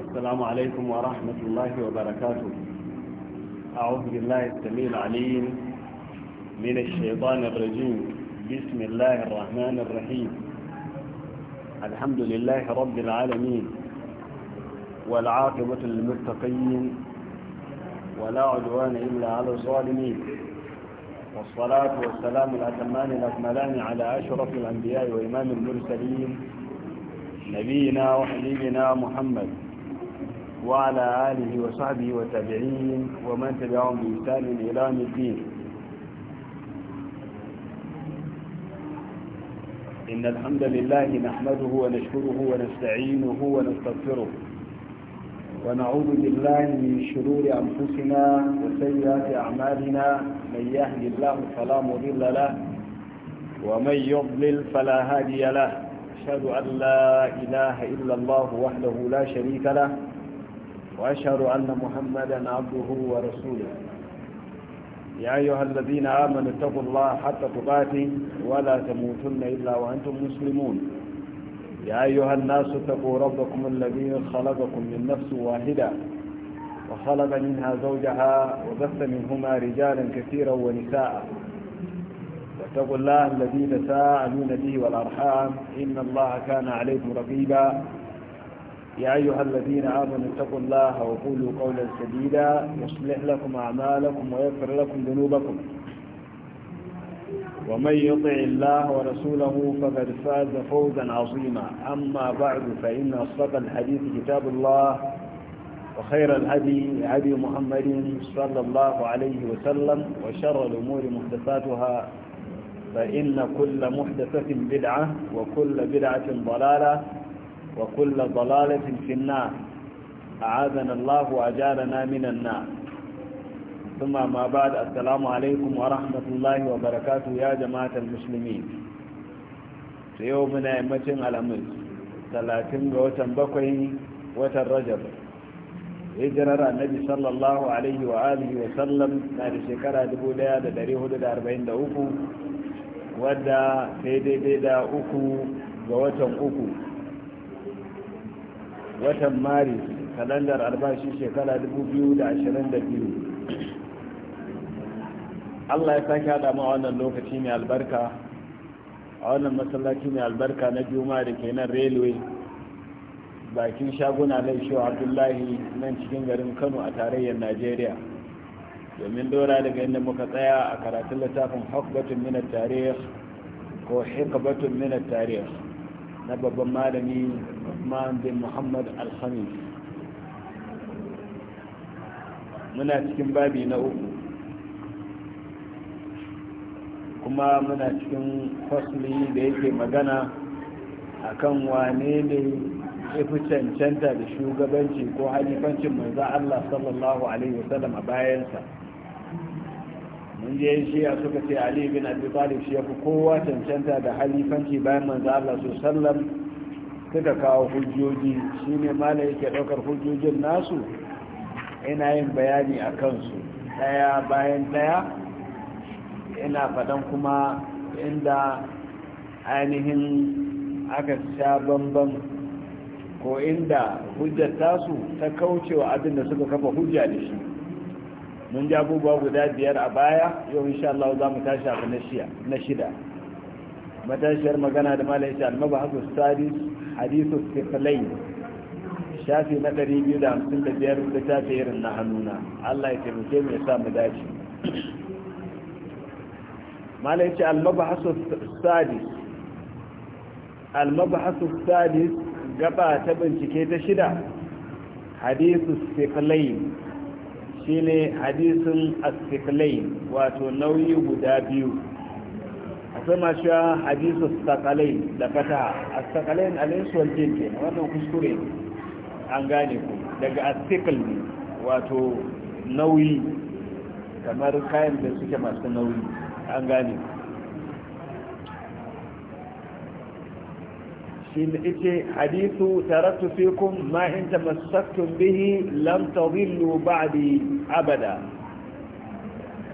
السلام عليكم ورحمة الله وبركاته أعوذ بالله السميع العليم من الشيطان الرجيم بسم الله الرحمن الرحيم الحمد لله رب العالمين والعاقبة للمتقين ولا عدوان إلا على الظالمين والصلاة والسلام الأتمان الأكملان على أشرف الأنبياء وإمام المرسلين نبينا وحبيبنا محمد وعلى آله وصحبه وتابعين ومن تبعهم بإحسان إلى الدين إن الحمد لله نحمده ونشكره ونستعينه ونستغفره ونعوذ بالله من شرور أنفسنا وسيئات أعمالنا من يهد الله فلا مضل له ومن يضلل فلا هادي له أشهد أن لا إله إلا الله وحده لا شريك له وأشهد أن محمدا عبده ورسوله يا أيها الذين آمنوا اتقوا الله حتى تقاتي ولا تموتن إلا وأنتم مسلمون يا أيها الناس اتقوا ربكم الذي خلقكم من نفس واحدة وخلق منها زوجها وبث منهما رجالا كثيرا ونساء واتقوا الله الذي تساءلون به والأرحام إن الله كان عليكم رقيبا يا أيها الذين آمنوا اتقوا الله وقولوا قولا سديدا يصلح لكم أعمالكم ويغفر لكم ذنوبكم ومن يطع الله ورسوله فقد فاز فوزا عظيما أما بعد فإن أصدق الحديث كتاب الله وخير الهدي هدي محمد صلى الله عليه وسلم وشر الأمور محدثاتها فإن كل محدثة بدعة وكل بدعة ضلالة وكل ضلالة في النار أعاذنا الله وأجارنا من النار ثم ما بعد السلام عليكم ورحمة الله وبركاته يا جماعة المسلمين في يومنا يمتن الأمس ثلاثين وتن بقي وتن رجب hijirar annabi sallallahu alaihi wa alihi wa sallam na da shekara 1443 wadda daidai da uku ga watan uku watan Mari kalandar albashi shekara 2022 allah ya sake hada ma wannan lokaci mai albarka a wannan masallaci mai albarka na juma'a da ke nan railway bakin shaguna na isho abdullahi nan cikin garin kano a tarayyar najeriya domin dora daga inda muka tsaya a karatun littafin hukbatun minar tarihi ko hikbatun minar tarihi. na babban malami Usman bin Muhammad al muna cikin babi na uku kuma muna cikin fasli da yake magana akan wane ne ya cancanta da shugabanci ko halifancin manzo Allah sallallahu alaihi wasallam a bayansa mun je shi a suka ce ali bin abi talib shi yafi kowa cancanta da halifanci bayan manzo Allah su sallam suka kawo hujjoji shine malai yake daukar hujjojin nasu ina yin bayani a kansu daya bayan daya ina fadan kuma inda ainihin aka sha bambam ko inda hujjar tasu ta kaucewa abin da suka kafa hujja da shi mun ji abubuwa guda biyar a baya yau insha Allah za mu tashi abu na shida matashiyar magana da malayi shi almabahasu sadis hadisu sifilai shafi na ɗari biyu da hamsin da da biyar shafi irin na hannuna Allah ya taimake mu ya sa mu dace malayi shi almabahasu almaba almabahasu sadis gaba ta bincike ta shida hadisu sifilai shine hadisin astiklain wato nauyi guda biyu akwai masu ya hadisu stakalain da fata astakalain alaisuwar a wannan kuskure an gane ku daga astikl ne wato nauyi kamar kayan da suke masu nauyi an gane ku shi ce hadithu tarattu fikum ma in tamassaktum bihi lam tadhillu ba'di abada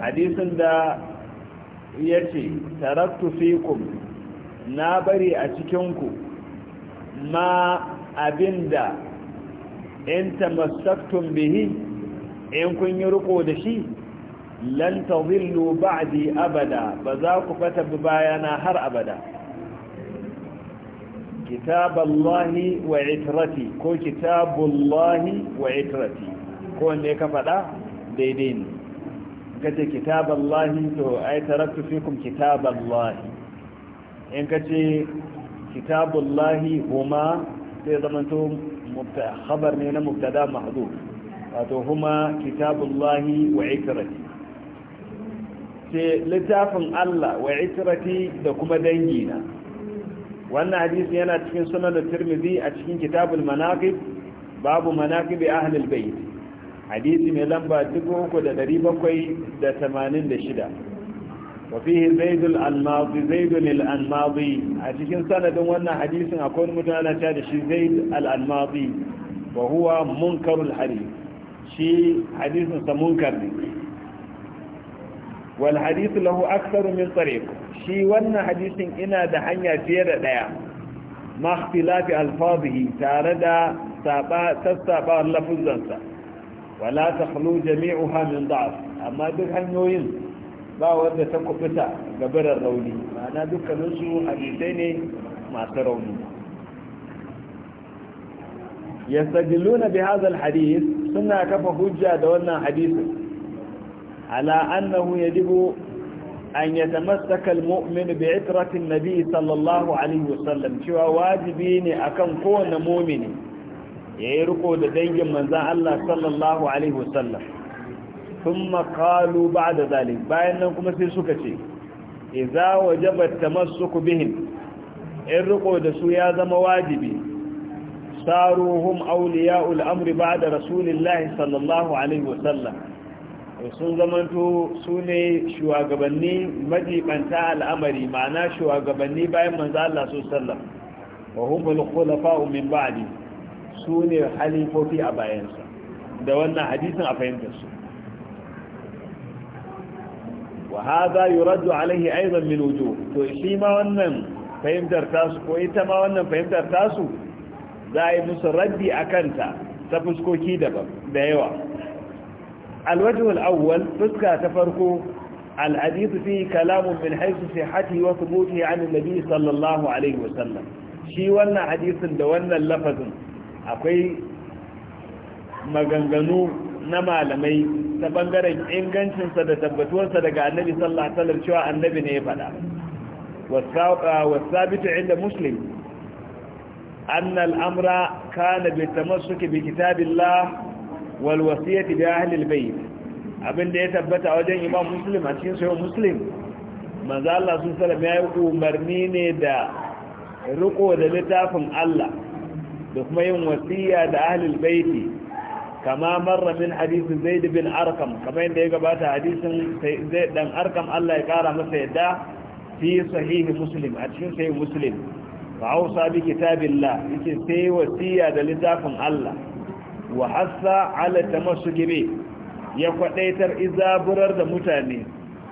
hadisin da yace tarattu fikum na bari a cikin ku ma abinda in tamassaktum bihi in kun yi riko da shi lan tadhillu ba'di abada ba za ku fata bayana har abada kitaballahi wa itrati ko kitabullahi wa itrati ka faɗa daidai ne ka ce kitaballahi to ai taraktu fikum kitaballahi in ka ce kitabullahi huma sai khabar ne na mubtada mahdhuf wato huma kitabullahi wa itrati sai littafin Allah wa da kuma dangina wannan hadisin yana cikin sunan tirmidhi a cikin kitabul manaqib babu manaqibi ahlul bayt hadisi mai lamba 3786 wa fihi zaid al-anmadi zaid al-anmadi a cikin sanadin wannan hadisin akwai mutum ana cewa da shi zaid al-anmadi wa huwa munkarul hadith shi hadisinsa munkar ne والحديث له أكثر من طريق شيوان حديث إنا دحنيا فيه دعيا ما اختلاف ألفاظه تاردا تستعبا اللفظ دنسا ولا تخلو جميعها من ضعف أما دحن يوين با ورد تقفتا قبر الرولي معنا دك نسو حديثين ما ترونه يستجلون بهذا الحديث سنة كفهجة دولنا حديثه على أنه يجب أن يتمسك المؤمن بعترة النبي صلى الله عليه وسلم شوى واجبين أكن كون مؤمن يرقو لدي من ذا الله صلى الله عليه وسلم ثم قالوا بعد ذلك بأنكم سيسكتي إذا وجب التمسك بهم الرقو دسو يا ذم واجبي صاروا هم أولياء الأمر بعد رسول الله صلى الله عليه وسلم sun zamanto su ne shugabanni majibanta al'amari ma'ana shugabanni bayan manzo Allah su sallam wa humul khulafa'u min ba'di su ne halifofi a bayansa da wannan hadisin a fahimtar su wa hadha yuraddu alaihi aidan min wujuh to shi ma wannan fahimtar tasu ko ita ma wannan fahimtar tasu za a yi musu raddi a kanta ta fuskoki da yawa alwajihul awwal fuska ta farko fi فيه كلام من حيث صحته وثبوته عن النبي sallallahu alaihi wa sallam shi wannan hadisin da wannan lafazin akwai maganganu na malamai ta bangaren ingancinsa da tabbatuwarsa daga annabi sallallahu alaihi wasallam cewa annabi ne ya faɗa wasabitu inda muslim anna al-amra kana bi tamassuki bi kitabillah wal wasiyati bi ahli abinda ya tabbata wajen imam muslim a cikin sahih muslim maza Allah sun salama ya yi umarni ne da riko da littafin Allah da kuma yin wasiya da ahlul baiti kama marra min hadisin zai bin arkam kamar yadda ya gabata hadisin zai dan arkam Allah ya kara masa yadda fi sahihi muslim a cikin sahih muslim fa ausa bi la yake sai wasiya da littafin Allah wa hassa ala tamassuki bi ya kwadaitar izaburar da mutane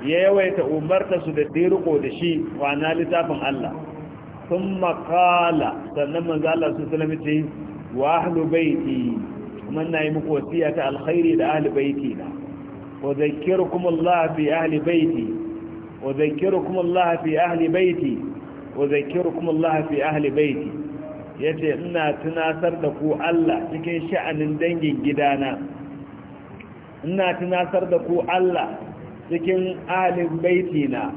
ya yawaita umarta su da tiriko da shi wa littafin Allah thumma qala sannan manzo Allah su sallama wa ahlu baiti kuma na yi muku wasiya ta alkhairi da ahli baiti na wa kuma Allah fi ahli baiti wa kuma Allah fi ahli baiti wa kuma Allah fi ahli baiti ya ce ina tunasar da ku Allah cikin sha'anin dangin gidana ina tunasar da ku Allah cikin alin baitina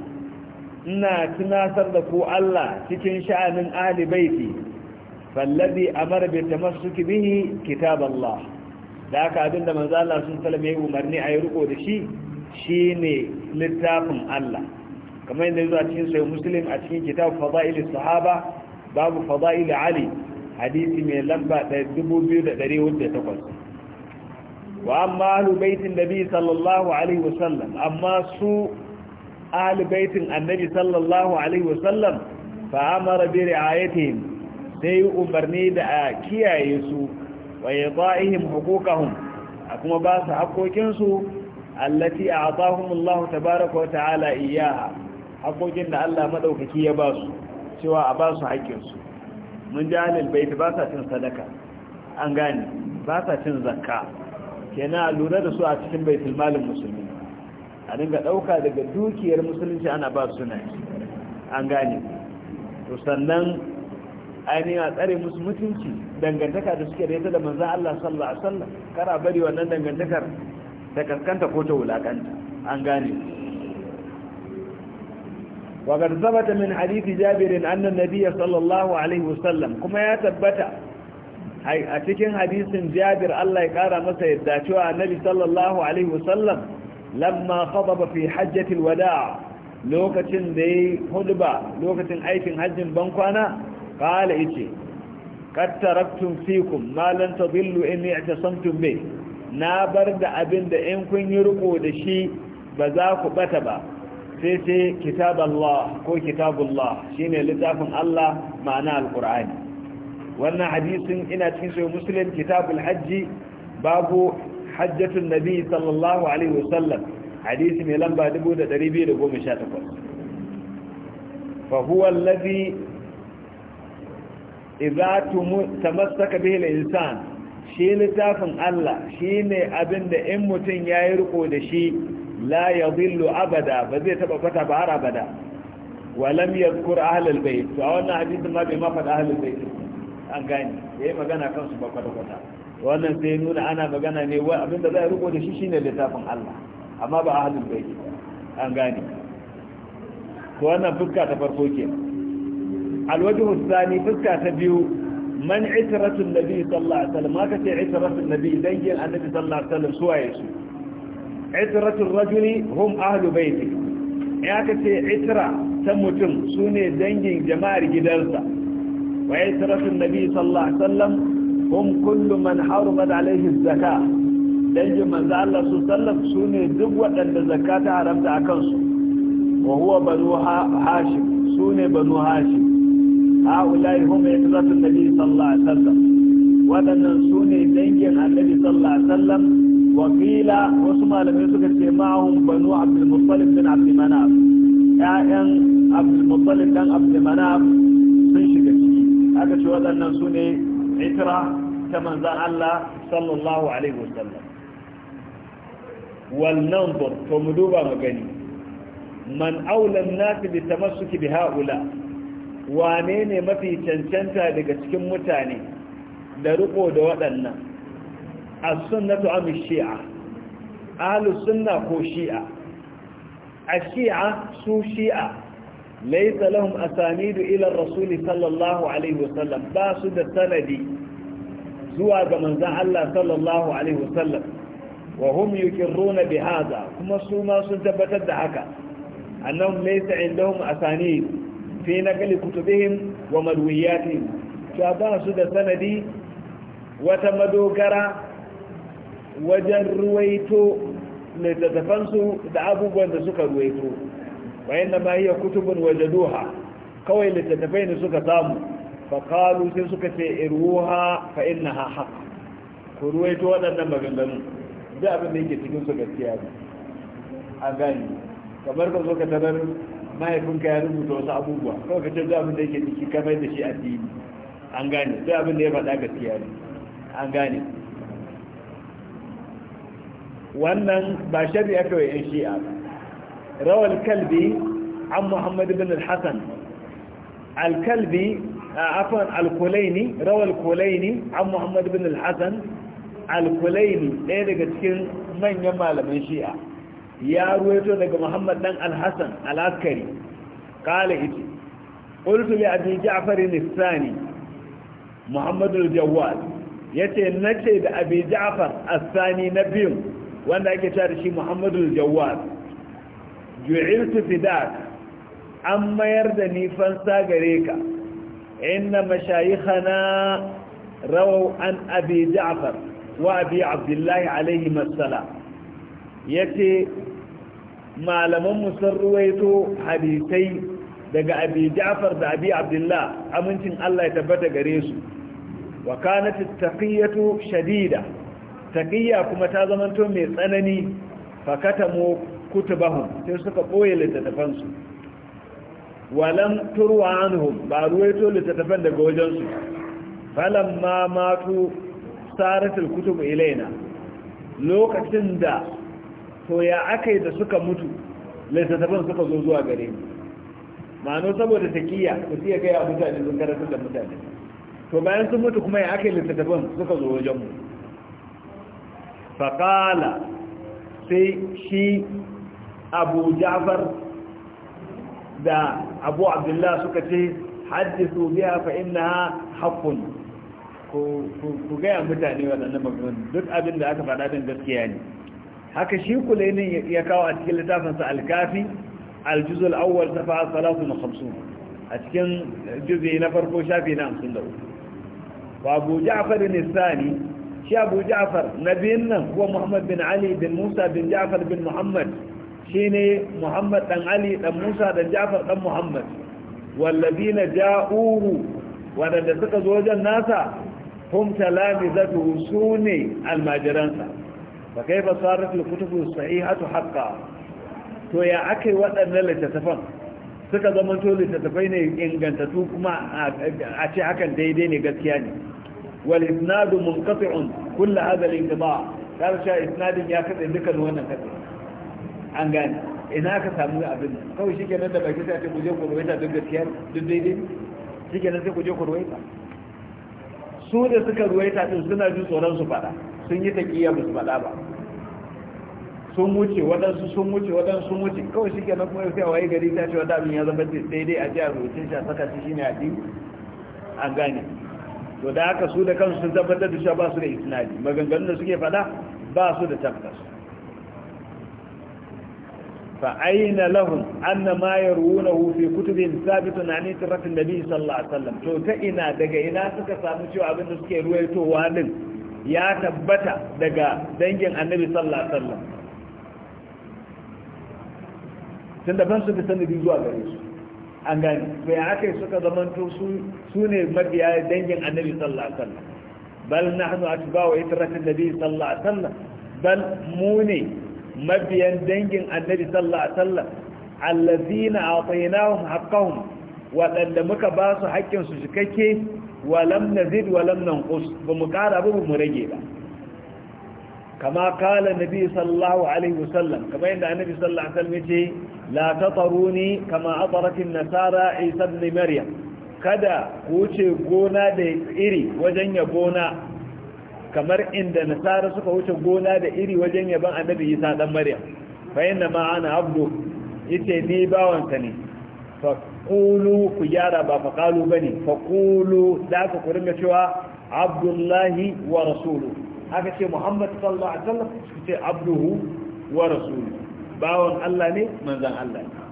ina tunasar da ku Allah cikin sha'anin ali baiti fallabi amara bi tamassuki bihi kitab Allah da abin abinda manzo Allah sun sallame yi umarni a yi riko da shi shine littafin Allah kamar yadda zuwa cikin sahih muslim a cikin kitab fadailis sahaba babu fada'il ali hadisi mai lamba 2208 wa amma ahlu baitin nabi sallallahu alaihi wasallam amma su ahlu baitin annabi sallallahu alaihi wasallam fa amara bi ri'ayatihim sai umarni da a kiyaye su wa yada'ihim huquqahum a kuma ba su haƙoƙinsu allati a'tahum Allah tabaaraka wa ta'ala iyyaha haƙoƙin da Allah madaukaki ya ba su cewa a ba su haƙƙinsu mun ji ahlul bait ba sa cin sadaka an gane ba sa cin zakka kenan a lura da su a cikin baitul malin musulmi a dinga ɗauka daga dukiyar musulunci ana ba su suna an gane to sannan ainihin a tsare musu mutunci dangantaka da suke da ita da manzan Allah sallallahu alaihi wasallam kara bari wannan dangantakar ta kaskanta ko ta wulaƙanta, an gane wakar zabata min hadithi jabirin annan nabiya sallallahu alaihi wasallam kuma ya tabbata a cikin hadisin jabir Allah ya kara masa yadda cewa nabi sallallahu alaihi wasallam lamma khadaba fi hajjati alwada' lokacin da yi ba lokacin aikin hajjin ban kwana qala ichi kad taraktum fiikum ma lan tadillu in i'tasamtum bi na bar da abin da in kun yi ruko da shi ba za ku ɓata ba sai ce kitab Allah ko kitabullah shine littafin Allah ma'ana Alƙur'ani. wannan hadisin ina cikin sai muslim kitabul hajji babu hajjatun nabi sallallahu alaihi wasallam hadisi mai lamba 2218 fa huwa allazi idza tamassaka bihi insan shi littafin Allah shine abinda in ya yi riko da shi la ya yadhillu abada ba zai taba kwata ba har abada wa lam yadhkur ahlul bayt to a wannan hadisin ma bai ma faɗa ahlul bayt an gane yayi magana kan su ba kwata kwata wannan sai nuna ana magana ne wa abinda za a riko da shi shine littafin Allah amma ba ahlul bayt an gane to wannan fuska ta farko ke alwajhu thani fuska ta biyu man itratu nabi sallallahu alaihi wasallam ma kace itratu nabi dangin annabi sallallahu alaihi wasallam suwaye su itratul rajuli hum ahlu baiti ya ka ce itra ta mutum sune dangin jama'ar gidansa wa itratul nabi sallallahu alaihi wasallam hum kullu man harama alaihi zakka dangin manzo Allah su sallam su ne duk waɗanda zakka ta haramta a kansu wa huwa banu hashim su ne banu hashim ha'ulai hum itratul nabi sallallahu alaihi wasallam waɗannan su ne dangin annabi sallallahu alaihi wasallam wakila wasu malamai suka ce ma'ahun banu abdulmuttalib bin abdulmanaf ƴaƴan abdulmuttalib dan abdulmanaf sun shiga ciki aka ce waɗannan su ne itira ta manzan Allah sallallahu alaihi wasallam wal nanzur to mu duba mu gani man aulan nasi bi tamassuki bi haula wane ne mafi cancanta daga cikin mutane da riko da waɗannan as-sunnatu am shia ahlus sunna ko shi'a ash-shi'a su shi'a laysa lahum asanidu ila ar-rasul sallallahu alaihi wasallam ba su da sanadi zuwa ga manzon Allah sallallahu alaihi wasallam wa hum yuqirruna bi hadha kuma su ma sun tabbatar da haka annahum laysa indahum asanid fi naqli kutubihim wa madwiyatihim to ba su da sanadi wata madogara wajen ruwaito littattafansu da abubuwan da suka ruwaito bayan da ma iya kutubun doha kawai littattafai ne suka samu faƙalu sai suka ce irwuha fa na haka. ku ruwaito waɗannan maganganu da abin da yake cikin su gaskiya ne a gani kamar ka zo ka tarar mahaifinka ya rubuta wasu abubuwa kawai ka ce da abin da yake ciki kamar da shi fili an gane da abin da ya faɗa gaskiya ne an gane wannan ba sharri aka yi yan shi'a rawal kalbi an muhammad bin al-hasan al-kalbi afwan al-kulaini rawal kulaini an muhammad bin al hassan al-kulaini ɗaya daga cikin manyan malaman shi'a ya ruwaito daga muhammad dan al hassan al-askari kala ita qultu li abi ja'far al Muhammadu muhammad al-jawwad yace nace da abi ja'far al na biyu wanda ake cewa da shi muhammadu jawad ju'iltu fidak an mayar da ni fansa gare ka inna mashayikhana rawau an abi ja'far wa abi abdullahi alaihi masala yace malaman mu sun ruwaito hadisai daga abi ja'far da abi abdullah amincin Allah ya tabbata gare su wa kanat at-taqiyatu shadida taqiyya kuma ta zamanto mai tsanani fakatamu kutubahum sai suka boye littattafan su walam turwa anhum ba ruwaito littattafan daga wajen su ma matu saratul kutub ilaina lokacin da to ya akai da suka mutu littattafan suka zo zuwa gare mu ma'ano saboda takiya ku siya kai a mutane sun karatu da mutane to bayan sun mutu kuma ya akai littattafan suka zo wajen mu faƙala sai shi abu jafar da abu abdullah suka ce haddisu biya fa inna haqqun ku gaya mutane waɗannan maganganun duk abin da aka faɗa din gaskiya ne haka shi kulainin ya kawo a cikin littafinsa alkafi aljuzul awwal safa 350 a cikin juzi na farko shafi na hamsin da uku babu ja'far nisani shi abu ja'far na biyun nan kuwa muhammad bin ali bin musa bin ja'far bin muhammad shi ne muhammad ɗan ali dan musa dan ja'far ɗan muhammad wallabi na ja'uhu waɗanda suka zo wajen nasa hum talamizatu su ne almajiransa fa kaifa sarat al-kutubu sahihatu haqqan to ya akai waɗannan littattafan suka zama to littattafai ne ingantattu kuma a ce hakan daidai ne gaskiya ne والإسناد منقطع كل هذا الانقطاع قال شاء إسناد يا كتئ ذكر wannan كتئ an gane ina ka samu abin kawai shi kenan da baki sai ku je ku ruwaita duk gaskiya duk daidai shi kenan sai ku je ku ruwaita su da suka ruwaita din suna ji tsoron su fada sun yi taqiya ba su fada ba sun wuce waɗansu sun wuce waɗansu sun wuce kawai shi kenan kuma sai waye gari ta ce wanda abin ya zama daidai a jihar rutin shi a saka shi shine addini an gane to da aka su da kansu sun tabbatar da cewa ba su da isnadi maganganun da suke fada ba su da tabbas fa aina lahum anna ma yarunahu fi kutubin sabitun an ittifaqin nabi sallallahu alaihi wasallam to ta ina daga ina suka samu cewa abin da suke ruwaitowa din ya tabbata daga dangin annabi sallallahu alaihi wasallam tunda ban su da sanadi zuwa gare su an gani bai aka suka zamanto su ne mabiya dangin annabi sallallahu alaihi wasallam bal nahnu atba'u itratin nabi sallallahu alaihi wasallam bal mu ne mabiyan dangin annabi sallallahu alaihi wasallam allazina atainahum haqqahum wadanda muka ba su haƙƙin su cikakke walam nazid walam nanqus ba mu ƙara ba mu rage ba kama kala nabi sallallahu alaihi wasallam Kama yadda annabi sallallahu alaihi wasallam ya ce la tataruni kama ataratin nasara isa ibn maryam kada ku wuce gona da iri wajen ya gona kamar inda nasara suka wuce gona da iri wajen yaban annabi isa dan maryam fa inna ma ana abdu yace ni bawansa ne fa ku gyara ba fa qalu bane fa da ka ku cewa abdullahi wa rasuluhu haka ce muhammad abduhu wa rasuluhu bawan Allah ne manzan Allah ne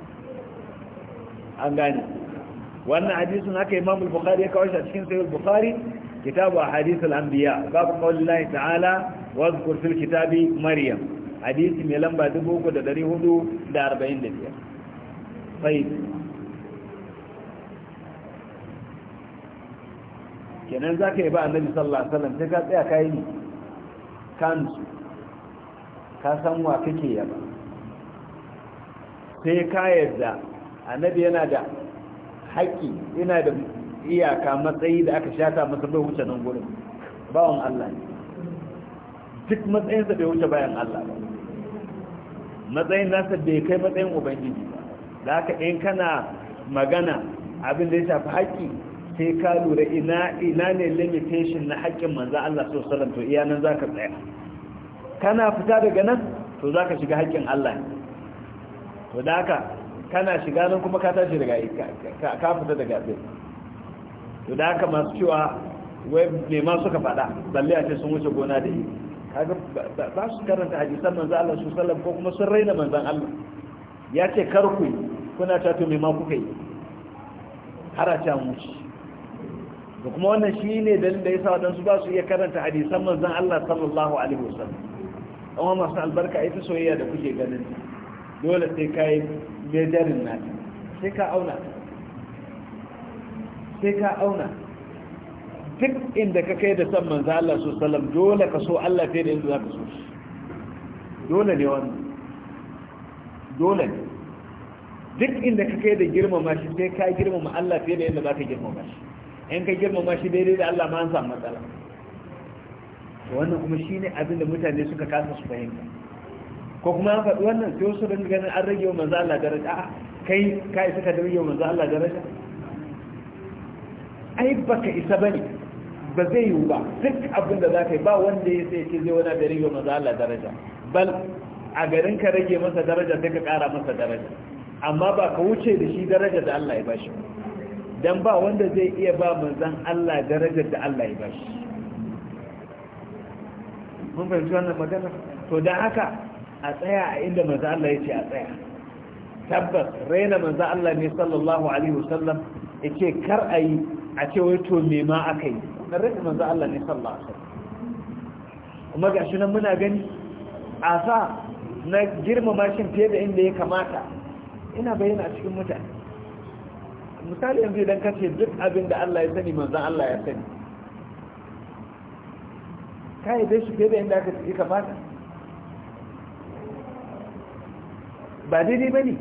an gane wannan hadisin haka imam al-bukhari ya kawo shi a cikin sayi al-bukhari kitabu ahadith al-anbiya babu qaulillahi ta'ala wasu dhkur kitabi maryam hadisi mai lamba 3445 sai kenan ka yi ba annabi sallallahu alaihi wasallam sai ka tsaya kai ni kansu ka san wa kake yaba sai ka yarda annabi yana da haƙƙi yana da iyaka matsayi da aka shata masa bai wuce nan gurin bawan Allah duk matsayinsa bai wuce bayan Allah ba matsayin nasa bai kai matsayin ubangiji ba da haka in kana magana abin da ya shafi haƙƙi sai ka lura ina ina ne limitation na haƙƙin manzo Allah so wasallam to iya nan zaka tsaya kana fita daga nan to zaka shiga haƙƙin Allah ne to da haka kana shiga nan kuma ka tashi daga ka fita daga abin to da haka masu cewa wai ma suka faɗa balle a ce sun wuce gona da yi kaga ba su karanta hadisan manzo Allah su sallam ko kuma sun raina manzon Allah ya ce kar ku yi kuna ta to ma kuka yi har a ta muci da kuma wannan shine dalilin da yasa wadansu ba su iya karanta hadisan manzon Allah sallallahu alaihi wasallam amma masu albarka ita soyayya da kuke ganin ta dole sai ka yi mejarin nata sai ka auna sai ka auna duk inda ka kai da san manzo Allah su salam dole ka so Allah fiye da inda za ka so shi dole ne wannan dole ne duk inda ka kai da girmama shi sai ka girmama Allah fiye da yadda za ka girmama shi in ka girmama shi daidai da Allah ma an samu matsala wannan kuma shine abin da mutane suka kasa su fahimta ko kuma an faɗi wannan sai wasu dinga ganin an rage wa manzo Allah daraja a kai ka isa ka rage wa manzo Allah daraja ai baka isa bane ba zai yiwu ba duk abin da za ka yi ba wanda ya sai ce zai wani da rage wa manzo Allah daraja bal a garin ka rage masa daraja sai ka ƙara masa daraja amma ba ka wuce da shi daraja da Allah ya bashi dan ba wanda zai iya ba manzon Allah darajar da Allah ya bashi mun fahimci wannan magana to da haka a tsaya a inda manzo Allah ya ce a tsaya tabbas raina manzo Allah ne sallallahu alaihi wasallam ce kar a yi a ce wai to me ma aka yi na raina manzo Allah ne sallallahu alaihi wasallam kuma gashi nan muna gani sa na girmama shi fiye da inda ya kamata ina bayyana a cikin mutane misali yanzu idan ce duk abin da Allah ya sani manzo Allah ya sani kai dai shi fiye da inda aka kamata ba daidai ba ne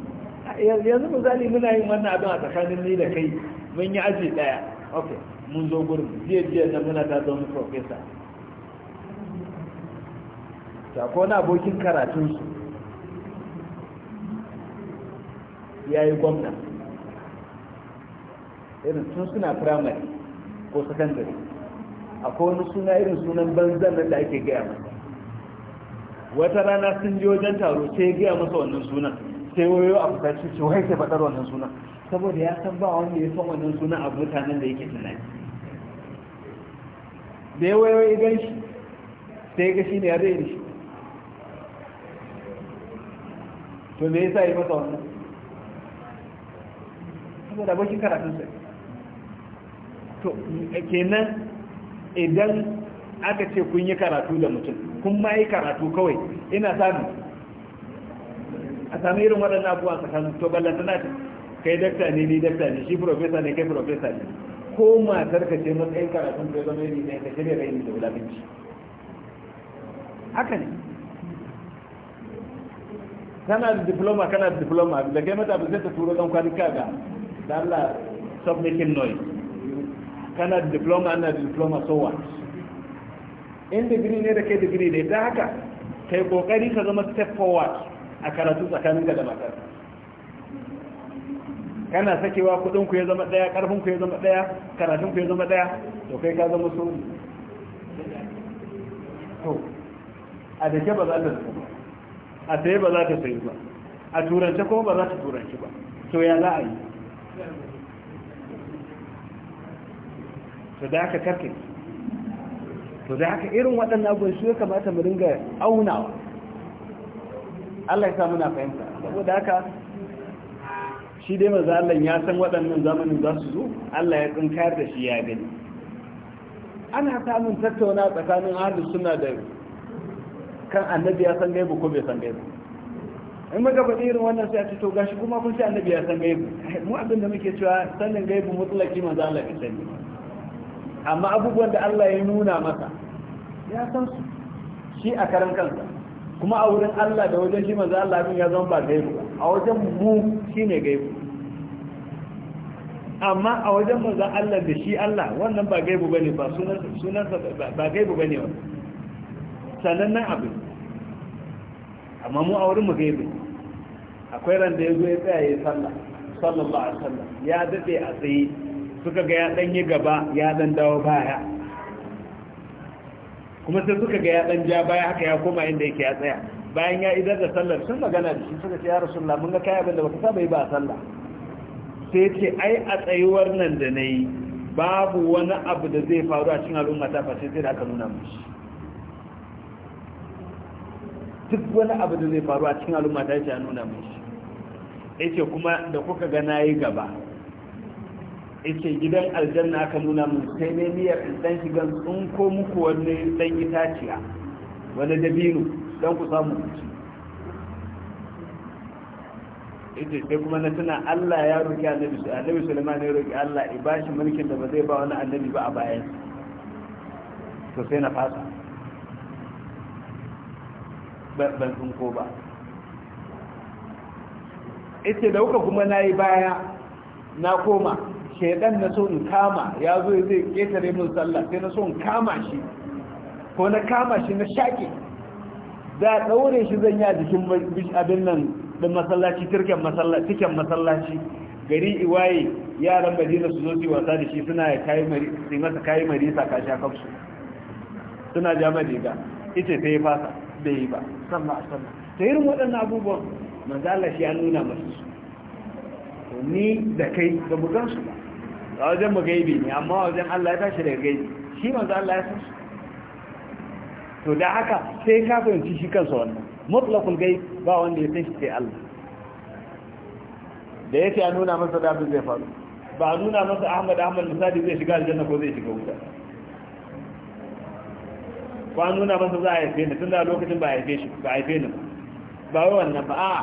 yanzu zali muna yin wannan abin a tsakanin ni da kai mun yi aji daya ok mun zo gurin biyar biyar na muna ta zama profesa ko na abokin karatunsu ya yi gwamna irin tun suna firamare ko sakandare akwai wani suna irin sunan banzan da ake gaya masa wata rana sun ji wajen taro sai ya gaya masa wannan sunan sai wayo a fusaci ce wai sai faɗar wannan sunan saboda ya san ba wanda ya san wannan sunan a mutanen da yake tunani da ya wayo ya gan shi sai ga shi ne ya zai shi to me yasa yi masa wannan saboda baki karatun sai to kenan idan aka ce kun yi karatu da mutum kun ma yi karatu kawai ina sami a sami irin waɗannan abubuwa tsakanin to ce kai dakta ne ni dakta ne shi profesa ne kai profesa ne ko ma ka ce matsayin karatun da ya zama yi ne ta shirya rai da wulafinci haka ne kana da diploma kana da diploma da kai mata abin sai ta turo don kwanika ga da Allah stop making noise kana da diploma ana da diploma so what in digiri ne da ke digiri ne da haka kai kokari ka zama step forward a karatu tsakanin ka da matar kana sakewa kudin ku ya zama daya karfin ku ya zama daya karatun ku ya zama daya to kai ka zama so to a da ke ba za ta ba a tsaye ba za ta sayi ba a turance kuma ba za ta turanci ba to ya za a yi to da aka karkake to da haka irin waɗannan abubuwan su ya kamata mu dinga aunawa Allah ya sa muna fahimta saboda haka shi dai maza Allah ya san waɗannan zamanin za su zo Allah ya tsinkar da shi ya gani ana samun tattauna tsakanin ahlus sunna da kan annabi ya san gaibu ko bai san gaibu in muka faɗi irin wannan sai a ce to gashi kuma kun ce annabi ya san gaibu mu abin da muke cewa sanin gaibu mutlaki manzo Allah ya sani amma abubuwan da Allah ya nuna masa ya san su shi a karan kansa kuma a wurin Allah da wajen shi manzo Allah ya zama ba gaibu a wajen mu shine gaibu amma a wajen manzo Allah da shi Allah wannan ba gaibu bane ba sunan sunan ba gaibu bane wannan nan abin amma mu a wurin mu gaibu akwai ran da yazo ya tsaya ya sallah sallallahu alaihi wasallam ya dade a tsaye suka ga ya dan yi gaba ya dan dawo baya kuma sai suka ga ya dan ja baya haka ya koma inda yake ya tsaya bayan ya idar da sallar sun magana da shi suka ce ya rasulullah mun ga kai abin da baka saba yi ba sallah sai ce ai a tsayuwar nan da nayi babu wani abu da zai faru a cikin al'umma ta face sai da aka nuna mushi duk wani abu da zai faru a cikin al'umma ta ce a nuna mushi yace kuma da kuka ga nayi gaba yake gidan aljanna aka nuna mun sai ne miyar in dan shigan sun ko muku wani dan itaciya wani dabino dan ku samu ci ita sai kuma na tuna Allah ya roki annabi annabi Sulaiman ya roki Allah ya bashi mulkin da ba zai ba wani annabi ba a bayan to sai na fasa ban sun ko ba ita da kuka kuma nayi baya na koma shedan na so in kama ya zo zai ƙetare min sallah sai na so in kama shi ko na kama shi na shaƙe da ɗaure shi zan ya jikin abin nan da masallaci turken masallaci cikin masallaci gari iwaye yaran madina su zo su wasa da shi suna yi masa kayi marisa ka sha kafsu suna ja diga ita ta yi fasa da yi ba sallah sallah ta irin waɗannan abubuwan manzala shi an nuna masu su ni da kai da bugansu ba a wajen mu gaibi ne amma wajen Allah ya tashi daga gaibi shi manzo Allah ya tashi to da haka sai ka fahimci shi kansa wannan mutlaqul gaib ba wanda ya tashi sai Allah da yake a nuna masa da abin zai faru ba a nuna masa Ahmad Ahmad Musadi zai shiga aljanna ko zai shiga wuta ba a nuna masa za a haife ni tun da lokacin ba a haife shi ba a haife ni ba wai wannan ba a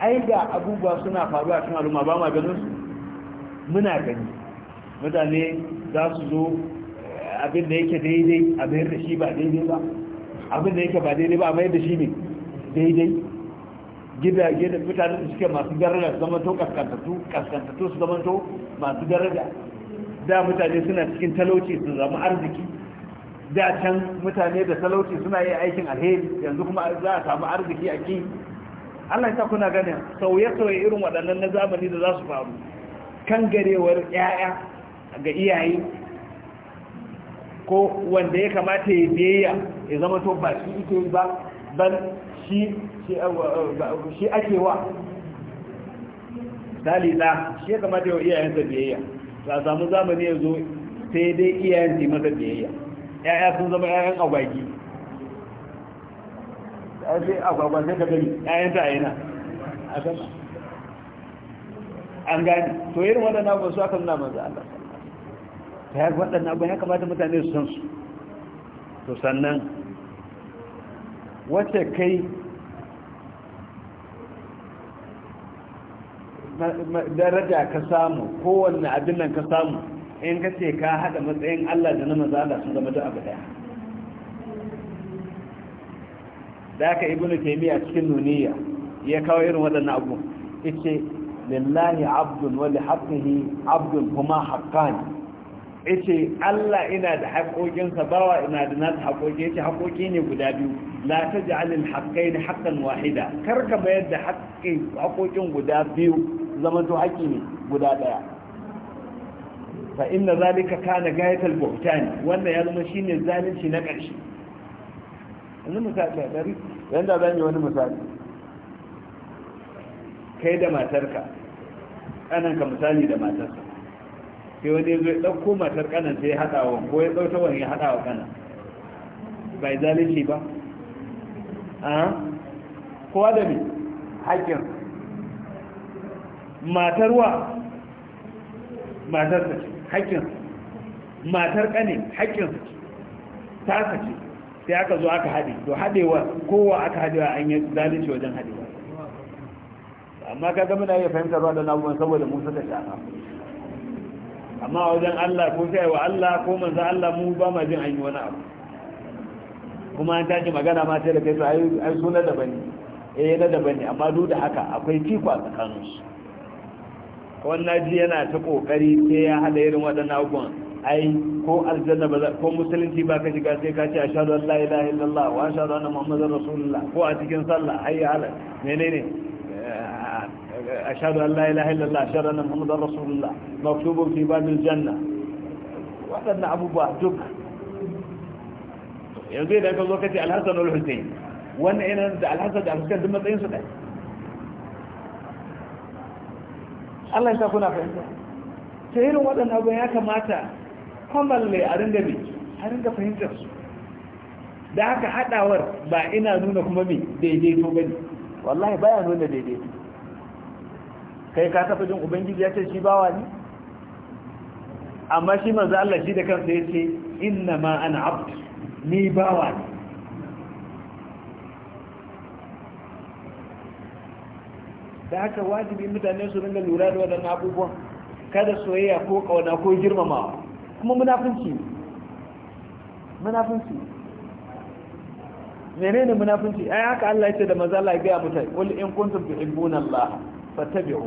ai ga abubuwa suna faruwa cikin al'umma ba ma ganin su muna gani mutane za su zo eh, abin da yake daidai a mayar da shi ba daidai ba abin da yake ba daidai ba a mayar da shi ne daidai gida gida mutane da suke masu garada su zama to kaskantattu kaskantattu su zama to masu daraja da mutane suna cikin talauci su zama arziki da can mutane da talauci suna yi aikin alheri yanzu kuma za a samu arziki a ki Allah ya kuna ganin sauye-sauye irin waɗannan na zamani da za su faru kan garewar 'ya'ya ga iyaye ko wanda ya kamata ya biyayya ya zama to ba shi ike ba ban shi eh, eh, ake wa dalila shi ya kamata ya iyayensa biyayya za samu zamani ya zo sai dai iyayen su masa biyayya ya'ya sun zama ya'yan agwagi sai agwagwa sai ka gani ya'yan ta yana a sama an gani to irin waɗannan ba su aka nuna manzo Allah ta yi waɗannan abin ya kamata mutane su san su to sannan wace kai daraja ka samu kowanne abin nan ka samu in ka ce ka haɗa matsayin Allah da na maza sun zama da abu daya da aka ibn a cikin nuniya ya kawo irin waɗannan abu yace lillahi abdun wani li abdun kuma haƙƙani yace Allah ina da haƙoƙinsa bawa ina da nasa haƙoƙi yace haƙoƙi ne guda biyu la taj'alil haqqayn haqqan wahida kar ka bayar da haƙƙin haƙoƙin guda biyu zamanto haƙƙi ne guda ɗaya fa inna zalika kana gayatul buhtani wannan ya zama shine zalunci na ƙarshe yanzu misali a dari yanda zan yi wani misali kai da matarka ka misali da matarka sai wani ya zo ya ɗauko matar kanan sai ya haɗa wa ko ya ɗauta wani ya haɗa wa kanan bai zalici ba a kowa da ne haƙƙin matar wa matar ta haƙƙin matar ƙane haƙƙin ta ta ce sai aka zo aka haɗe to haɗewa kowa aka haɗewa an yi zalici wajen haɗewa amma ka gami na iya fahimtar waɗannan abubuwan saboda mun suka shafa amma wajen Allah ko sai wa Allah ko manzo Allah mu ba ma jin ayi yi wani abu kuma an taji magana ma sai da kai sai ai su da daban ne eh na da bane amma duk da haka akwai ciko a tsakanin su wannan ji yana ta kokari sai ya hada irin waɗannan abubuwan ai ko aljanna ba ko musulunci ba ka shiga sai ka ce ashhadu an la ilaha illallah wa ashhadu anna muhammadar rasulullah ko a cikin sallah hayya ala menene ashhadu an la ilaha illallah ashhadu anna muhammadar rasulullah maktubun fi abubuwa duk yanzu idan ka zo kace alhassan wal husayn da alhassan da alhassan su ɗaya Allah ya sa fahimta ta irin waɗannan abubuwan ya kamata kwamalle a a fahimtar da haka haɗawar ba ina nuna kuma mi daidaito bane wallahi baya nuna daidaito kai ka tafi jin ubangiji ya ce shi bawa ne amma shi manzo Allah shi da kansa ya ce inna ma ana abd ni bawa ne da haka wajibi mutane su ringa lura da waɗannan abubuwan kada soyayya ko kauna ko girmamawa kuma munafunci munafunci menene munafunci ai haka Allah ya ce da manzo Allah ya ga mutai qul in kuntum tuhibbuna Allah fatabi'u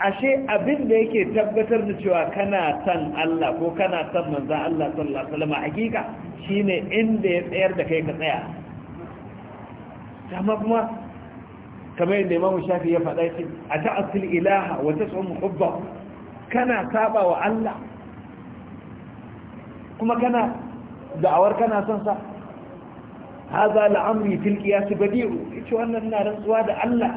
ashe abin da yake tabbatar da cewa kana san Allah ko kana san manzon Allah sallallahu alaihi wasallam hakika shine inda ya tsayar da kai ka tsaya amma kuma kamar yadda Imam Shafi ya faɗa shi a ta'assil ilaha wa tas'um hubba kana saba wa Allah kuma kana da'awar kana son sa haza la'amri fil qiyas badi'u ita wannan na rantsuwa da Allah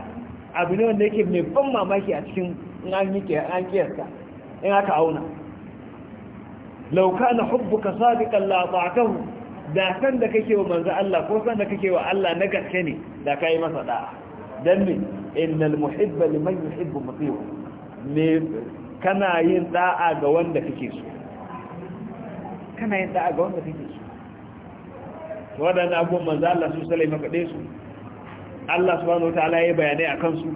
abu ne wanda yake mai ban mamaki a cikin an yi in aka auna lauka na hubbuka sadiqan a ta'tahu da san da kake wa manzo Allah ko san da kake wa Allah na gaske ne da yi masa da'a dan me innal muhibba liman yuhibbu mutiwa me kana yin da'a ga wanda kake so kana yin da'a ga wanda kake so wadannan abubuwan manzo Allah su sallai maka dai su Allah subhanahu wataala ya bayanai akan su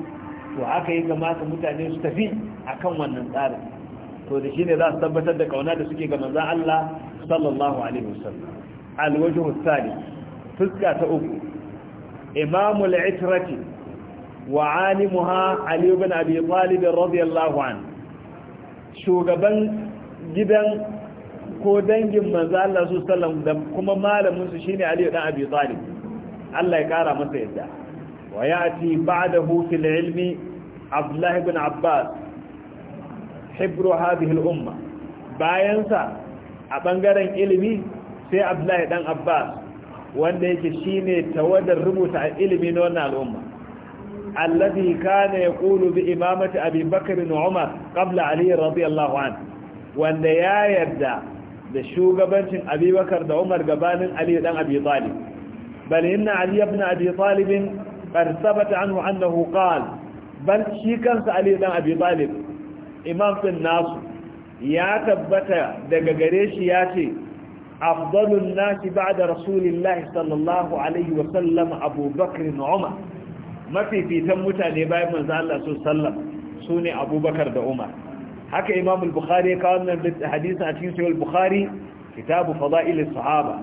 to haka yi kamata mutane su tafi akan wannan tsarin to da shine za su tabbatar da kauna da suke ga manzon Allah sallallahu alaihi wasallam alwajhu tsari fuska ta uku imamul itrati wa alimuha ali ibn abi talib radiyallahu an, shugaban gidan ko dangin manzo Allah su sallam da kuma malamin su shine Ali dan Abi Talib Allah ya kara masa yadda ويأتي بعده في العلم عبد الله بن عباس حبر هذه الأمة باينسا أبنغرن إلمي سي عبد الله بن عباس wanda yake shine tawadar rubuta ilimi na wannan al'umma alladhi kana yaqulu bi imamati abi umar qabla ali radiyallahu wanda ya yarda da shugabancin abi da umar gabanin ali dan abi talib bal inna ali قد ثبت عنه أنه قال بل شيكنس علي بن أبي طالب إمام في الناس يا تبت دقاقريش ياتي أفضل الناس بعد رسول الله صلى الله عليه وسلم أبو بكر عمر ما في في تموتا نباية من ذا الله صلى الله عليه وسلم سوني أبو بكر دا عمر حكى إمام البخاري قال حديث أتين سوى البخاري كتاب فضائل الصحابة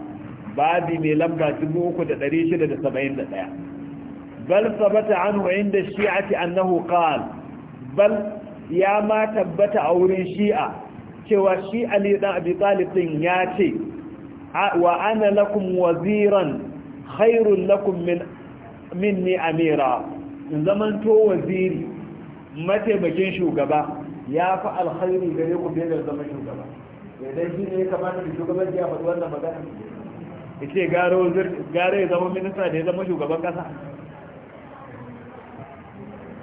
بعد ميلمكا تبوكو دا دريشة دا سبعين دا, دا, دا, دا bal sabata anhu inda shi'ati annahu qala bal ya ma tabbata a wurin shi'a cewa shi ali dan abi talib din ya ce wa ana lakum waziran khairul lakum min minni amira in zaman to waziri mataimakin shugaba ya fa alkhairi gare ku zaman shugaba idan shi ne kamata da shugaban ya faɗi wannan magana ita gare ya zama minista da ya zama shugaban kasa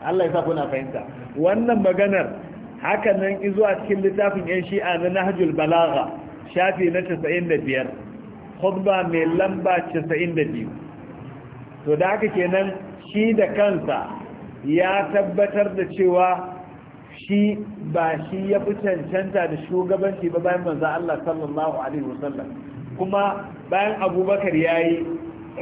Allah ya sa kuna fahimta wannan maganar haka nan a cikin littafin yan shi'a na nahjul balagha shafi na 95 khutba mai lamba 92 to da haka kenan shi da kansa ya tabbatar da cewa shi ba shi ya fi cancanta da shugabanci ba bayan manzo Allah sallallahu alaihi wasallam kuma bayan abubakar yayi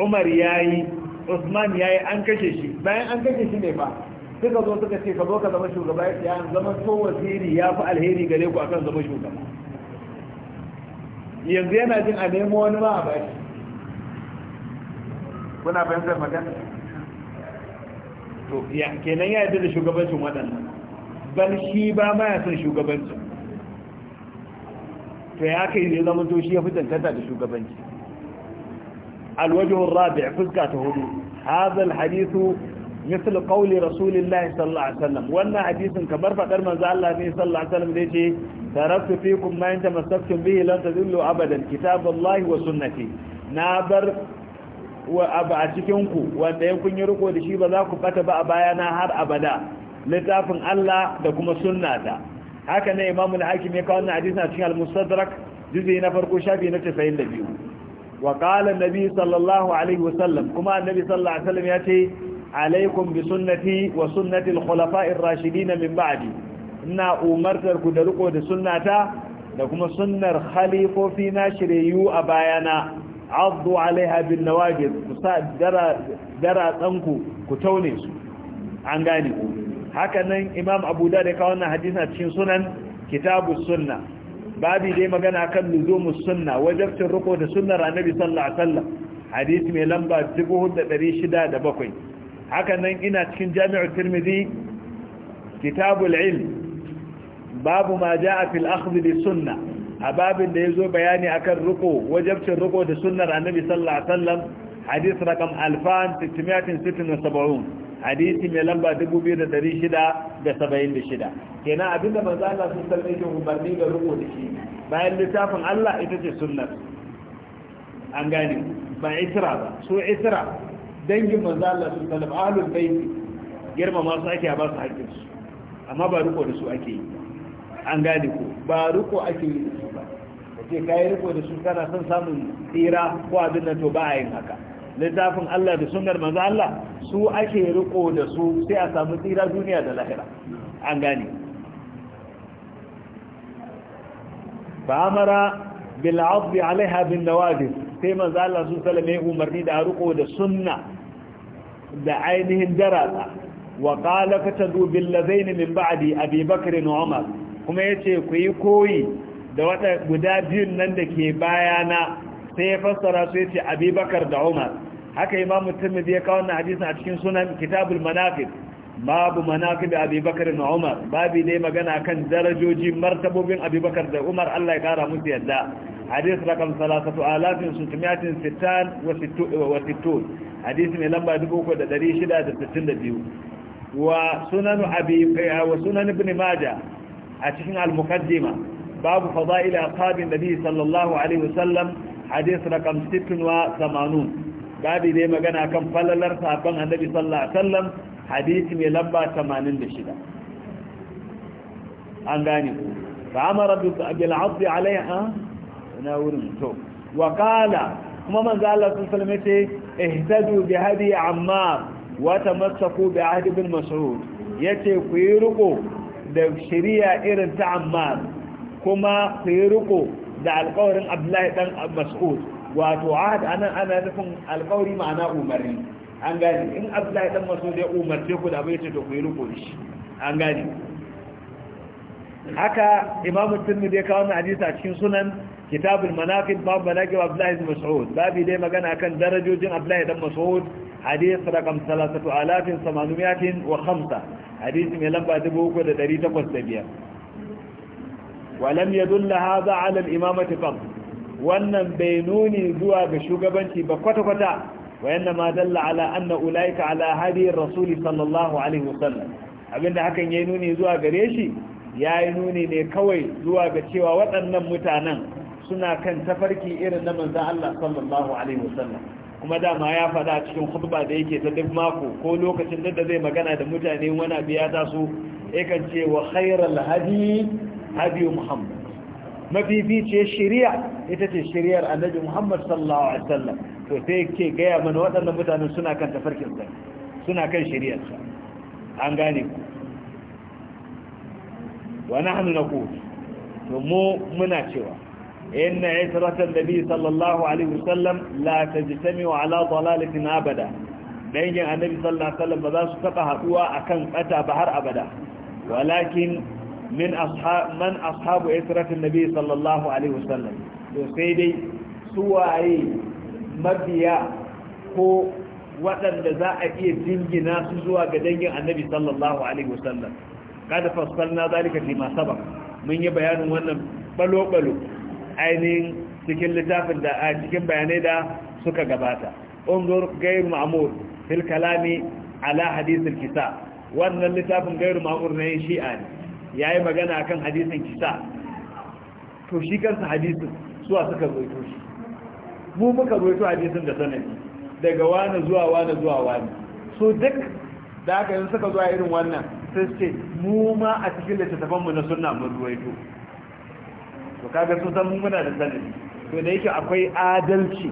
umar yayi usman yayi an kashe shi bayan an kashe shi ne ba suka zo suka ce ka zo ka zama shugaba ya ya zama to wasiri ya fi alheri gare ku akan zama shugaba yanzu yana jin a nemo wani ba a bashi kuna fahimtar magana to ya kenan ya yarda da shugabancin waɗannan bal shi ba ma ya son shugabancin to ya kai ne zama to shi ya fi tantanta da shugabanci alwajihun rabi fuska ta hudu hadha alhadithu مثل قول رسول الله صلى الله عليه وسلم وانا حديث كبر فقر من زال الله صلى الله عليه وسلم ديتي تركت فيكم ما انت مسكتم به لن تذلوا ابدا كتاب الله وسنتي نابر وابا اتكنكو وانا يمكن يركو دشي بذاكو فتبا ابايانا هر ابدا littafin Allah da kuma sunna ta haka na imamu al-hakim ya kawo wannan hadisi a cikin al-mustadrak juzi na farko shafi na 92 wa qala an-nabi sallallahu alaihi kuma annabi sallallahu ya ce alaikum bi sunnati wa sunnati al-khulafa'ir rashidin min ba'di ina umartar ku da riko da sunnata da kuma sunnar khalifofi na shiriyu a bayana addu alaiha bin nawajid ku sa dara dara tsanku ku taune su an gane ku Hakanan imam abu da da kawo wannan hadisi cikin sunan kitabu sunna babi dai magana kan luzumus sunna wajabtin riko da sunnar annabi sallallahu alaihi wasallam hadisi mai lamba 4607 haka nan ina cikin jami'ar tirmidhi kitabul ilm babu ma jaa fil akhdh bis sunnah a babin da yazo bayani akan ruko wajibcin ruko da sunnar annabi sallallahu alaihi wasallam hadith rakam 2676 hadisi mai lamba 2676 kenan abinda manzo Allah sun sallallahu alaihi umarni ga ruko da shi bayan littafin Allah ita ce sunnar an gane ba isra ba su isra dangin manzo Allah su sallam ahlul baiti girmama su ake ba su haƙƙin su amma ba riko da su ake yi an gane ko ba riko ake yi da su ba kace kai riko da su kana son samun tsira ko abin nan to ba a yin haka littafin Allah da sunnar manzo Allah su ake riko da su sai a samu tsira duniya da lahira an gane Ba amara bil 'adli 'alayha bin nawadith sai manzo Allah sun salame umarni da ruko da sunna da ainihin daratsa wa qala fatadu bil ladain min ba'di abi bakr wa umar kuma yace ku yi koyi da wata guda biyun nan da ke bayana sai ya fassara su yace abi bakr da umar haka imam tirmidhi ya kawo wannan hadisi a cikin sunan kitabul manaqib babu manaqib abi bakar da umar babu ne magana kan darajoji martabobin abi da umar Allah ya kara musu yadda hadis rakam 3660 hadis mai lamba 3662 wa sunan abi wa sunan ibn majah a cikin al-muqaddima babu fada'il aqabin nabi sallallahu alaihi wasallam hadis rakam 86 babu ne magana kan falalar sahabban annabi sallallahu alaihi wasallam hadisi mai lamba 86 an gane ku fa amara bil abdi alaiha na wurin to wa kuma manzo Allah sun salme ce ihtadu bi hadi ammar wa tamassaku bi ahd ibn mas'ud ku yi riko da shari'a irin ta ammar kuma ku yi riko da alƙawarin Abdullahi dan Mas'ud wato ahad anan ana nufin alƙawari ma'ana umarni an gane in abdullahi dan masud ya umarce ku da abu yace to ku yi riko shi an gane haka imamu tirmidhi dai kawo hadisi a cikin sunan kitabul manaqib Babu manaqib abdullahi ibn mas'ud babi dai magana kan darajojin abdullahi dan mas'ud hadith rakam 3805 hadith mai lamba 3805 ولم يدل هذا على الإمامة قط wannan bai nuni zuwa ga shugabanci ba kwata-kwata وإنما دل على أن أولئك على هدي الرسول صلى الله abin da hakan ya yi nuni zuwa gare shi ya yi nuni ne kawai zuwa ga cewa waɗannan mutanen suna kan tafarki irin na manzan Allah sallallahu alaihi wasallam kuma dama ya faɗa cikin khutba da yake ta duk mako ko lokacin da zai magana da mutane wani abu ya taso yakan ce wa khairal hadi hadi muhammad mafificiyar shari'a ita ce shari'ar annabi muhammad sallallahu to sai ke gaya mana waɗannan mutanen suna kan tafarkinsa suna kan shari'arsa an gane ku wani hannu na kudu to mu muna cewa inna isratan biyu sallallahu alaihi wasallam la tajtami wa ala dalalatin abada dangin annabi sallallahu alaihi wasallam ba za su taba haduwa akan kata ba har abada walakin min ashab man ashabu isratan biyu sallallahu alaihi wasallam to sai dai su suwaye mabiya ko waɗanda za a iya jingina su zuwa ga dangin annabi sallallahu alaihi wasallam kada fassalna zalika fi ma sabaq mun yi bayanin wannan balo balo ainihin cikin littafin da a cikin bayanai da suka gabata unzur ghayr ma'mur fil kalami ala hadith al kisa wannan littafin ghayr ma'mur ne shi'a ne yayi magana akan hadisin kisa to shi kansa hadisin suwa suka zo shi mu muka ruwaito hadisin da sanadi daga wani zuwa wani zuwa wani so duk da aka yi suka zuwa irin wannan sai ce mu ma a cikin littattafanmu mu na sunna mun ruwaito to kaga sun san muna da sanadi to da yake akwai adalci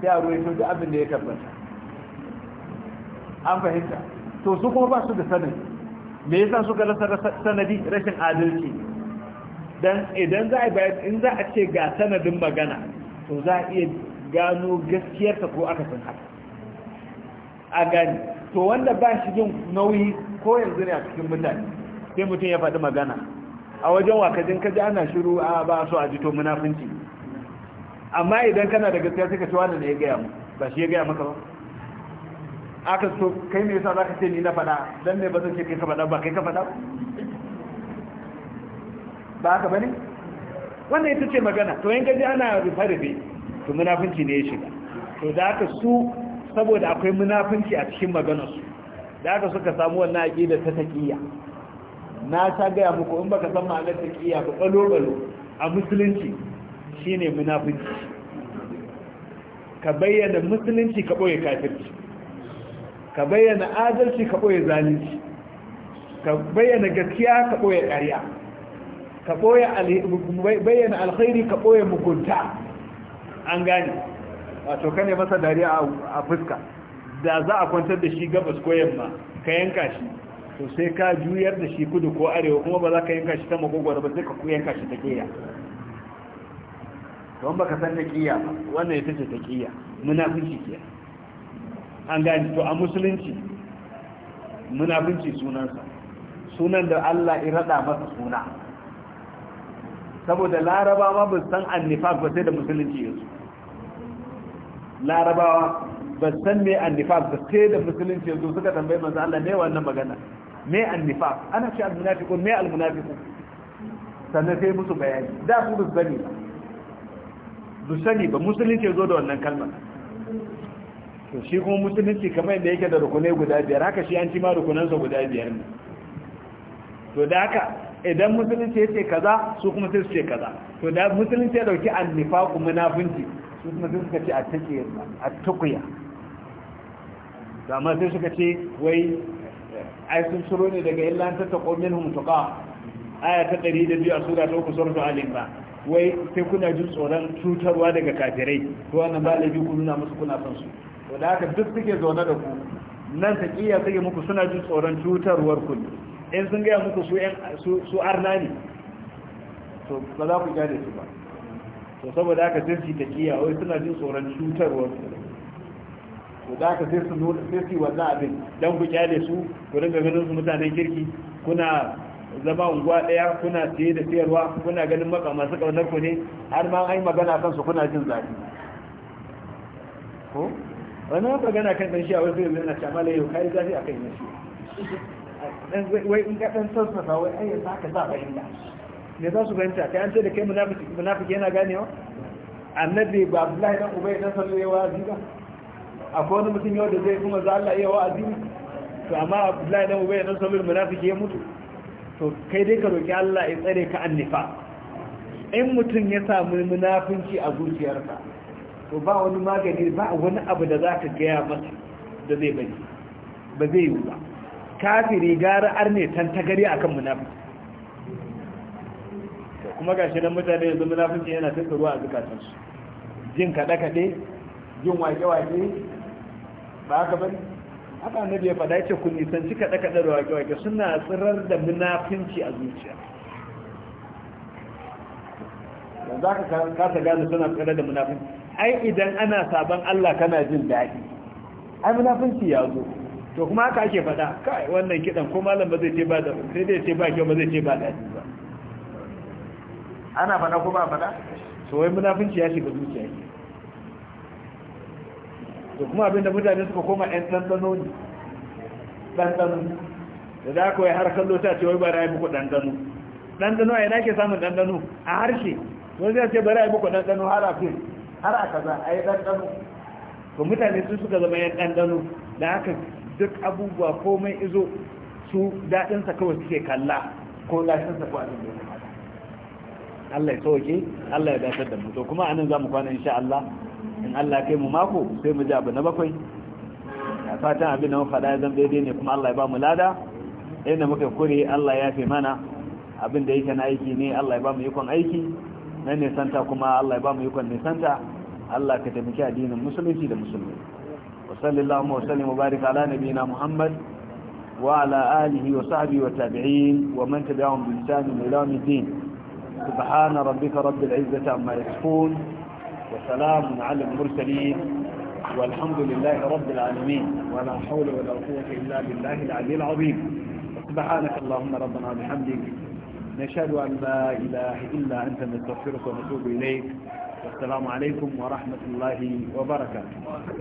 sai a ruwaito duk abin da ya tabbata an fahimta to su kuma ba su da sanadi me yasa suka rasa sanadi rashin adalci dan idan za a bayar in za a ce ga sanadin magana to za a iya gano gaskiyarsa ko aka san haka a gani to wanda ba shi jin nauyi ko yanzu ne a cikin mutane sai mutum ya faɗi magana a wajen wakajin kaji ana shiru a ba so a jito munafunci amma idan kana da gaskiya sai ka ci wani ne ya gaya mu ba shi ya gaya maka ba aka so kai me yasa za ka ce ni na faɗa don me ba zan ce kai ka faɗa ba kai ka faɗa ba haka ba ne wannan ita ce magana to yin gaji ana rufe-rufe to munafinci ne ya shiga to da haka su saboda akwai munafinci a cikin maganarsu da haka suka samu wannan aƙida ta taƙiya na ta gaya muku in baka san ma'anar taƙiya ba ɓalo-ɓalo a musulunci shine munafinci ka bayyana musulunci ka ɓoye kafirci ka bayyana adalci ka ɓoye zalunci ka bayyana gaskiya ka ɓoye ƙarya ka bayyana alkhairi ka ɓoye mugunta an gane wato ka ne masa dariya a fuska da za a kwantar da shi gabas ko yamma ka yanka shi to sai ka juyar da shi kudu ko arewa kuma ba za ka yanka shi ta magogwar ba sai ka yanka shi ta To don baka san na kiya ba wannan ya ce ta kiya munafunci kiya an gani to a musulunci munafunci sunansa sunan da Allah ya rada masa suna saboda larabawa ba san annifak ba sai da musulunci yanzu larabawa ba san me annifak ba sai da musulunci yanzu suka tambayi manzo Allah ne wannan magana me annifak ana shi almunafiqun me almunafiqun sannan sai musu bayani da su ba sani ba su sani ba musulunci zo da wannan kalmar to shi kuma musulunci kamar yadda yake da rukunai guda biyar haka shi an ci ma rukunansa guda biyar ne to da haka idan musulunci ya ce kaza su kuma sai su ce kaza to da musulunci ya dauki annifaku munafunci su kuma sai suka ce a tukuya amma sai suka ce wai ai sun shiro ne daga illan ta taƙo minhum tuqa aya ta 102 a sura ta 3 suratul al-imran wai sai kuna jin tsoron cutarwa daga kafirai to wannan ba laifi ku nuna musu kuna son su to da haka duk suke zaune da ku nan taqiya sai muku suna jin tsoron cutarwar ku in sun gaya muku su arna ne to ba za ku gane su ba to saboda aka sai ta kiya wai suna jin tsoron cutarwar to da aka sai su nuna sai su wannan abin don ku kyale su ku dinga ganin su mutanen kirki kuna zama unguwa daya kuna siye da siyarwa kuna ganin maka masu kaunar ku ne har ma an yi magana kan su kuna jin zafi ko wani magana kan dan shi a wasu yanzu yana shamala yau kai zafi a na yashi wai in ka dan sassafa wai ai yanzu haka za fahimta me za su fahimta kai an ce da kai munafiki munafiki yana ganewa annabi ba Abdullahi dan Ubay dan sallu ya wa'azi ba akwai wani mutum yau da zai kuma za Allah ya wa'azi to amma Abdullahi dan Ubay dan sallu munafiki ya mutu to kai dai ka roki Allah ya tsare ka annifa in mutum ya samu munafinci a zuciyarsa to ba wani magani ba wani abu da za ka gaya masa da zai bari ba zai yi ba kafiri gara arne gari akan munafiki kuma gashi nan mutane yanzu munafiki yana ruwa a su jin kada kade, jin wake-wake ba haka bane haka annabi ya faɗa ce ku nisanci kaɗe kada da wake-wake suna tsirar da munafinci a zuciya yanzu ka kasa gane suna tsirar da munafinci ai idan ana sabon Allah kana jin daɗi ai munafinci ya zo to kuma haka ake faɗa kai wannan kidan ko malam ba zai ce ba da sai dai ce ba kyau ba zai ce ba daɗi ba ana faɗa ko ba faɗa to wai munafunci ya shiga zuciya ke to kuma abinda mutane suka koma ɗan ɗanɗano ne ɗanɗano da za ka wai har kallo ta ce wai ba ra'ayi muku ɗanɗano ɗanɗano a yana ke samun ɗanɗano a harshe wani zai ce ba ra'ayi muku ɗanɗano har a fil har a kaza a yi ɗanɗano to mutane sun suka zama yan ɗanɗano da haka duk abubuwa komai izo su daɗinsa kawai suke kalla ko lashinsa ko abin da ya Allah ya sauke Allah ya dace da mu to kuma anan zamu kwana insha Allah in Allah kai mu mako sai mu ji abu na bakwai a fatan abin da faɗa ya zan daidai ne kuma Allah ya ba mu lada inda muka kure Allah ya fi mana abin da yake na aiki ne Allah ya ba mu ikon aiki na nisanta kuma Allah ya ba mu ikon nisanta Allah ka taimaki addinin musulunci da musulmi وصل اللهم وسلم وبارك على نبينا محمد وعلى آله وصحبه والتابعين ومن تبعهم بإنسان إلى الدين سبحان ربك رب العزة عما يصفون وسلام على المرسلين والحمد لله رب العالمين ولا حول ولا قوة إلا بالله العلي العظيم سبحانك اللهم ربنا بحمدك نشهد أن لا إله إلا أنت نستغفرك ونتوب إليك والسلام عليكم ورحمة الله وبركاته